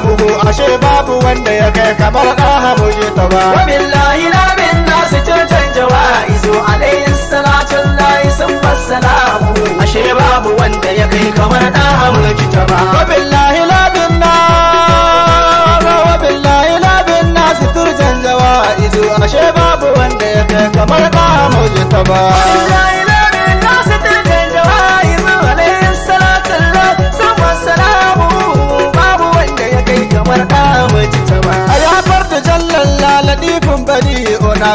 bugu ashe babu wanda ya kai kamar ɗaha ji ta ba. la lamin nasu cocan jawa'i zo alayhi salatu layi sun fassalamu ashe babu wanda ya kai kamar ɗaha ji ta ba. nasu wa na la lamin nasu turjan jawa'i zo ashe babu wanda ya kai kamar ɗaha ji ta ba.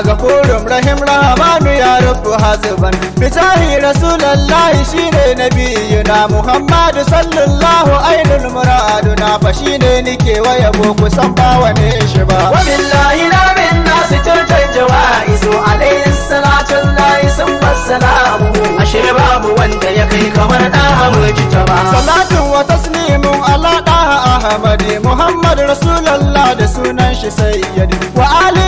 ga kurum rahim rahamanu ya rufu haziban bisari rasulallahi shine na muhammadu sallallahu ainul muraduna fa shine nike waya boko san ba wane shi ba wabillahi na min nasu cutar jawa'izu alayhi salatu lahi sun fassalamu ashe babu wanda ya kai kamar daha mulkita ba salatu wa taslimun ala ahmadi Muhammadu, rasulullah da sunan shi sayyidi wa ali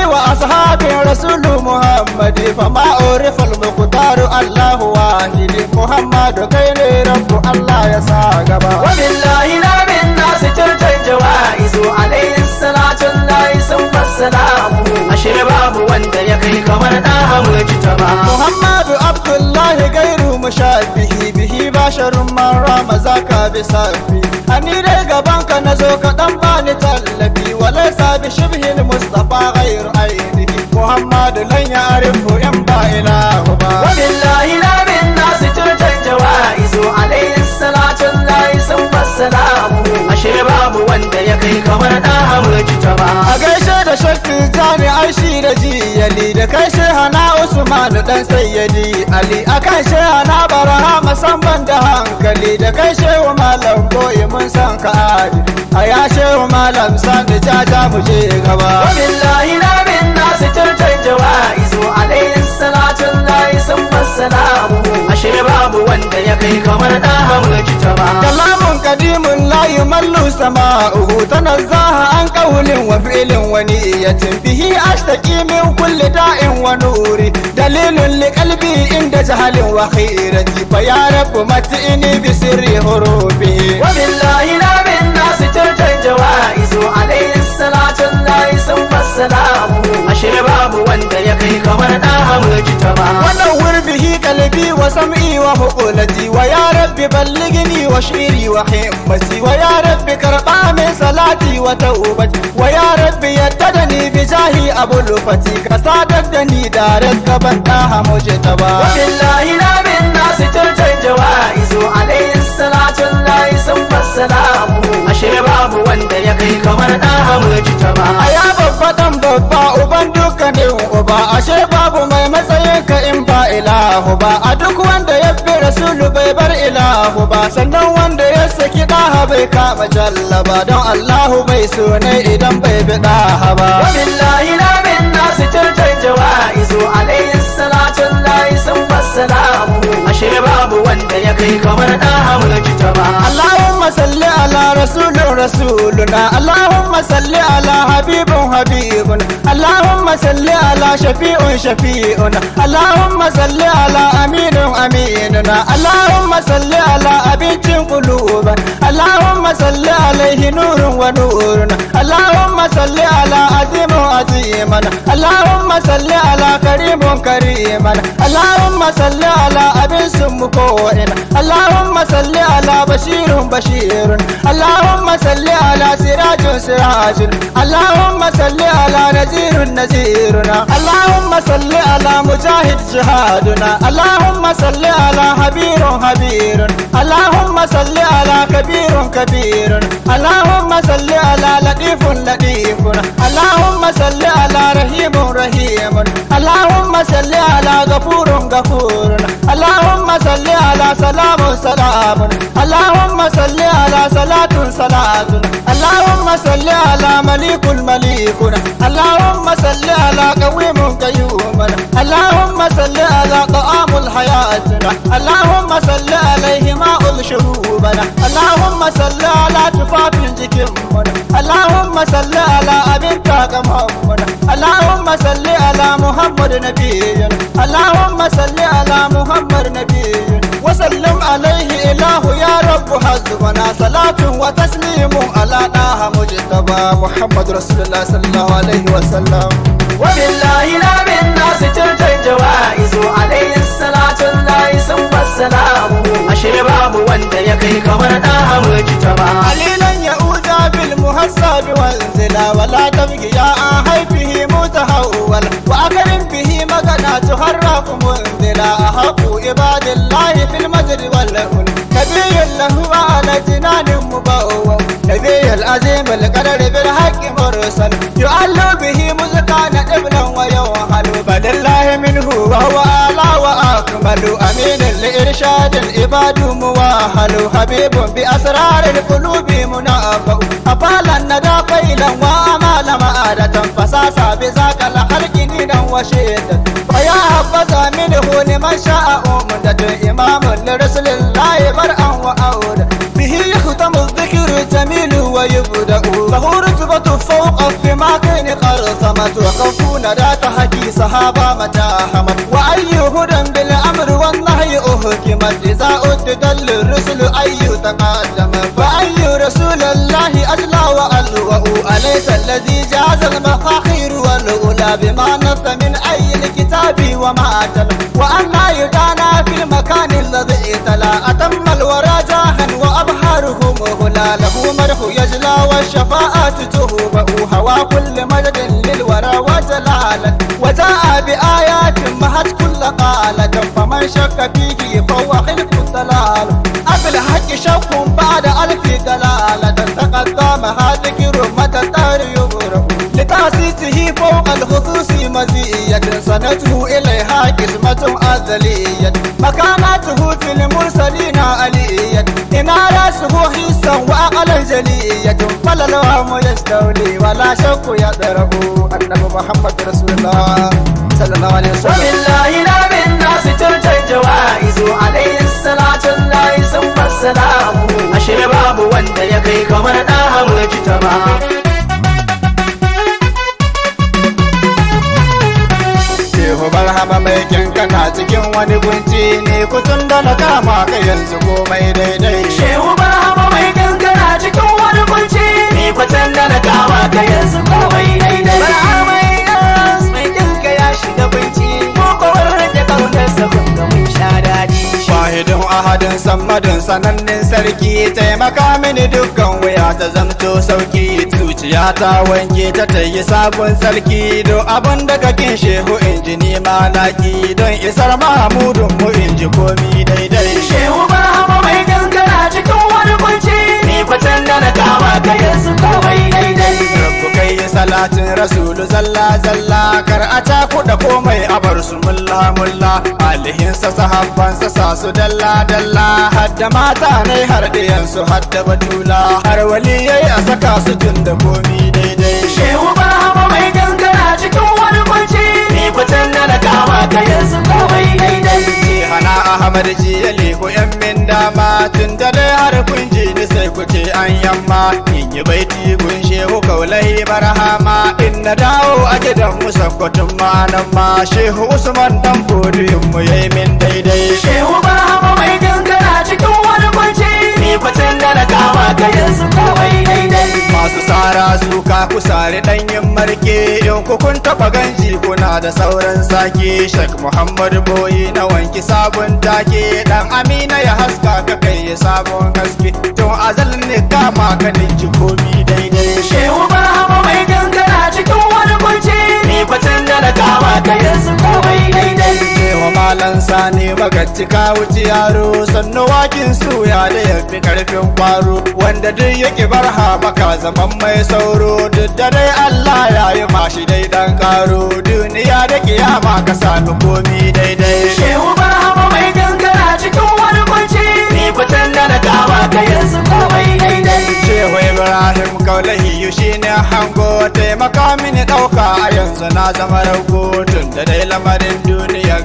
Muhammadi fa ma orifal muqdaru Allahu wahid Muhammadu kai ne rabbu Allah ya sa gaba wa billahi la min nas turjan jawaizu alayhi salatu lahi summa salamu ashir babu wanda ya kai kamar da hamuji ba Muhammadu Abdullahi gairu mushabihi bihi basharun man ramaza ka bisa a ni dai gabanka na zo ka dan bani tallafi wa laisa bi mustafa ghairu Muhammad lan ya arifu in ba ilahu ba billahi la bin nasu cutar Izo alayhi salatun layi sun fassalamu ashe babu wanda ya kai kamar da amurci ta ba a gaishe da shakki jami'ar shi da jiyali da kai hana usman dan sayyadi ali akan hana baraha musamman da hankali da kai wa malam boye mun san ka a ya shehu malam san da jaja mu je gaba billahi la kalamu ashe babu wanda ya kai kamar da hamurci ta ba kalamun kadimun layi mallu sama'uhu tanazzaha an qawlin wa fi'lin ya niyyatin hi ashtaqi min kulli da'in wa nuri dalilun li qalbi inda jahalin wa khairati fa ya rabb mat'ini bi sirri hurufi wa billahi la min nas tarjan jawaizu alayhi salatu lillahi summa salamu ashe babu wanda ya kai kamar da hamurci ta ba hukunaji wa ya rabbi balligini wa shiri wa himmasi wa ya rabbi karba min salati wa taubati wa ya rabbi yattadani bi jahi abul fati ka sadar da ni da ranka ban da hamuje ta ba billahi la min nasi tun canja wa izo alayhi salatu lillahi summa salamu ashe babu wanda ya kai kamar da hamuje ta ba aya babba dan babba uban dukkanin uba ashe babu mai matsayinka in ba ilahu ba Allahu ba sannan wanda ya saki ɗa bai kama jallaba don Allahu bai so ne idan bai bi daha ba wabillahi la min nasu tartar jawaizu alayhi salatu layi sun wassalamu ashe babu wanda ya kai kamar daha mulki ba. Allahumma salli ala rasulun rasuluna Allahumma salli ala habibun habibun salli ala shafi'un shafi'una Allahumma salli ala aminun aminuna Allahumma salli ala abincin kuluba Allahumma salli alaihi nurun wa nuruna Allahumma salli ala azimun azimana Allahumma salli ala karimun karimana Allahumma salli ala abin sumu ko'ina Allahumma salli ala bashirun bashirun Allahumma salli ala ajo sirajin Allahumma salli ala nazirun naziruna Allahumma salli ala mujahid jihaduna Allahumma salli ala habirun habirun Allahumma salli ala kabirun kabirun Allahumma salli ala latifun latifun Allahumma salli ala rahimun rahimun Allahumma salli ala gafurun gafurun Allahumma salli ala salamun salamun Allahumma salli ala salatun salatun اللهم صل على مليك المليكنا اللهم صل على قويم قيومنا اللهم صل على طعام الحياة اللهم صل عليه ماء شروبنا اللهم صل على تفاف جكمنا اللهم صل على أبيك كمهمنا اللهم صل على محمد نبينا اللهم صل على محمد نبينا وسلم عليه إله يا رب حزبنا صلاة وتسليم على الله مجتبى محمد رسول الله صلى الله عليه وسلم وبالله لا من بالناس ترجى الجوائز عليه الصلاة الله ثم السلام أشرب باب وانت يكي كمر داها مجتبى عليلا يؤدى بالمحصب والزلا ولا تبقي يا آهي به متهول وأكرم به مقنات هراف منزلا أحب عباد الله في المجر والأولى biyun na huwa na jinanin mu ba owa da biyun azimin kadar bin haƙƙin barusan yi allobihi muzika na ibnan wayo wahalu ba lillahi min huwa wa ala wa akmalu aminin li irshadin ibadu mu wahalu habibun bi asrarin kulubi mu na afau a falan na dafai lan wa amala ma'adatan fasasa bi zakar harkini dan washe da fa ya habbaza min hu liman sha'a umdatu imamun lirsulillahi ba أحمد وخوفون ذات حكي صحابة متاهمت وأي هدى بالأمر والله أهكمت إذا أتدل الرسل أي تقدم فأي رسول الله أجلى وألوأ أليس الذي جاز المفاخير والأولى بما نص من أي الكتاب وما أتل وانا يدانا في المكان الذي تلا أتم الورى جاها وأبهارهم هلا له مرح يجلى والشفاءات تهوبه هوى كل مجد man shakka fihi fa wa hilfu abul abil haqqi shakkun ba'da alfi dalal da taqaddama hadikiru mata ta'sisi hi fawqa al-khususi maziyat sanatu ila ilayha matum azaliyat makanatuhu fil mursalina aliyat ina inarasuhu hisan wa aqalan jaliyat falalawam yastawli wala shakku ya yadrubu annabi muhammad rasulullah sallallahu alaihi wasallam salamu ashe babu wanda ya kai kamar ɗan hamurci ta ba barhama mai kyanka na cikin wani gunci ne kutun da na kama ka yanzu komai daidai shehu barhama mai kyanka na cikin wani gunci ne kutun da na kama ka yanzu komai adin sammadin sanannen sarki taimaka mini dukkan wuya ta zamto sauki zuciya ta wanke ta tayi sabon sarki do abin da kakin shehu in ji ni malaki don isar mahamudun mu in ji komi daidai shehu hama mai gangara cikin wani kunci ni fatan da na kama ka su kawai salatin rasulu zalla zalla kar a da komai a bar su mulla mulla alihinsa sahabbansa sa su dalla dalla hadda mata ne har su hadda batula har waliyai a saka su jin da komi daidai can yamma in yi baiti gun shehu kaulai barahama in na dawo a gidan mu sakkwatin manan ma shehu usman dan fodiyin mu yayi min daidai shehu barahama mai gangara cikin wani kwanci ni kwacin da na kama kara suka kusare ɗanyen marke in kun taba ganji kuna da sauran sake shek muhammad boyi na wanki sabon take dan amina ya haska ka kai ya sabon gaske tun azal ne kama ka ninki komi daidai shehu barhama mai gangara cikin wani kunci ni kwatan da kama ka yanzu komai malan sani baka cika wuce yaro sannu wakin ya da ya fi karfin kwaro wanda duk yake barha maka zaman mai sauro duk da dai Allah ya yi mashi dai dan karo duniya da kiyama ka sami komi daidai shehu barhama mai gangara cikin wani kunci ni fitan da na ka yanzu komai daidai shehu ibrahim kaulahi yushi shine hango taimaka mini dauka a yanzu na zama rago tun da dai lamarin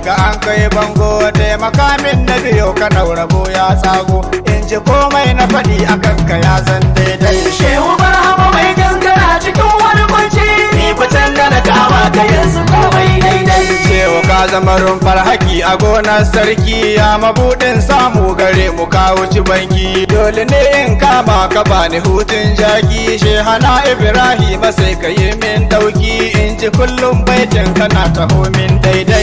ga an kai bango da makamin na biyo ka daura ya tsago in ji komai na faɗi a kanka ya zan daidai shehu barhama mai gangara cikin wani kunci ni ku da na kama ka yanzu komai daidai shehu ka zama rumfar haki a gonar sarki ya mabuɗin samu gare mu ka wuci banki dole ne in kama ka bani hutun jaki shehana ibrahim sai ka yi min dauki in ji kullum baitin kana taho min daidai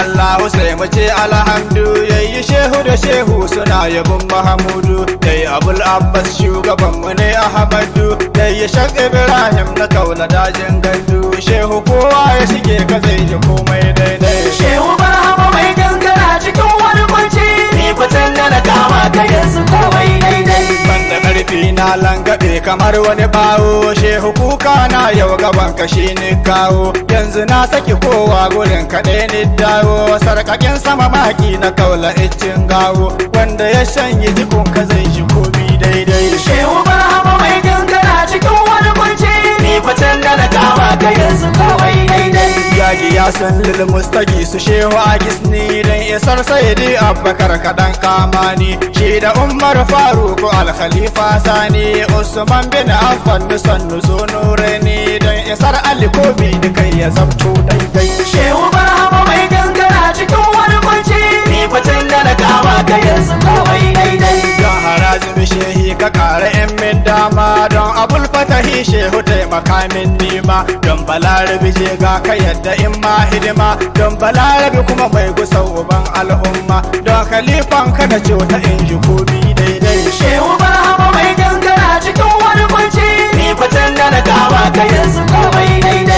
Allahu sai mu ce alhamdu yayi shehu da shehu suna yabon Mahamudu yayi Abul Abbas shugaban mu ne Ahmadu yayi Shak Ibrahim na kaula dajin gandu shehu kowa ya shige ka zai ji komai daidai shehu barhama mai gangara cikin wani kwanci ni fitan na kama ka yanzu komai daidai banda karfi na lan gabe kamar wani bawo shehu kuka na yau gaban ka shi ni kawo yanzu na saki kowa gurin kaɗai ni dawo sarƙaƙin sama maki na kaula iccin gawo wanda ya shanye jikun ka zai shi komi daidai shehu ba mai gangara cikin wani ni fatan da na ya san lil mustaki su shehu a gisni dan isar saidi abbakar kadan kamani shi da umar faruku al khalifa sani usman bin affan nusan nure ni dan isar ali ko bi kai ya zamto dai dai shehu barhama mai gangara cikin wani kunci ni kwacin da na kama ka yanzu kawai daidai don harazin shehi ka kara yan min dama don abul fatahi shehu taimaka min nima don balarabi je ga ka yadda in ma hidima don balarabi kuma mai gusa uban al'umma don khalifan ka da cuta in ji komi daidai shehu barhama mai dangana cikin wani kwanci ni kwacin da na ka yanzu kawai daidai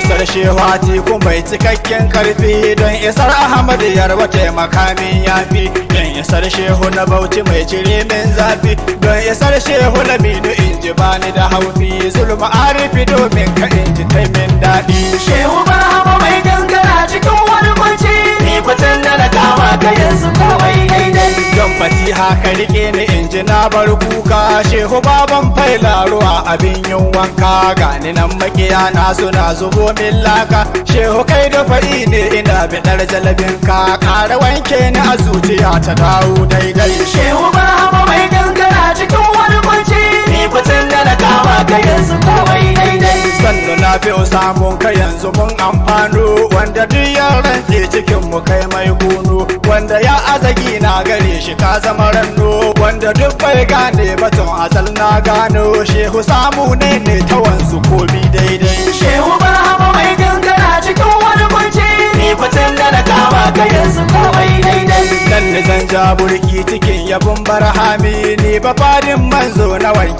isar shehwati kun mai cikakken karfi don isar Ahmadu yarba taimaka min yafi don isar shehu na bauchi mai cirimin zafi don isar shehu na minu in ji bani da haufi zulma arifi domin ka in ji taimin daɗi shehu ba mai gangara cikin wani kwanci kwatan na na kama ka yanzu kawai daidai don fatiha ka rike ni in ji na bar kuka shehu baban faila ruwa abin yin wanka gani nan makiya na suna zubo min laka shehu kai da fa'i ne ina biɗar jalabin ka ƙara wanke ni a zuciya ta dawo daidai shehu ba mai gangara cikin wani kwanci ni kwatan na na kama ka yanzu kawai daidai sannu na biyu samun ka yanzu mun amfano wanda duk ya rantse cikin mu kai mai gono wanda ya azagi na gare shi ka zama ranno wanda duk bai gane batun asal na gano shehu samu ne ne ta wanzu komi daidai shehu barhama mai gangara cikin wani kunci ni fitin da na kama ka yanzu komai daidai dan ni zan ja burki cikin yabun barhami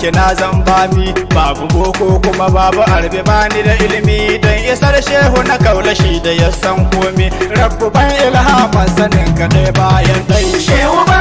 ke na zan bami babu boko kuma babu arbe bani da ilimi don isar shehu na kaula shi da ya san komi rabbu ban ilhama sanin ka bayan dai shehu ba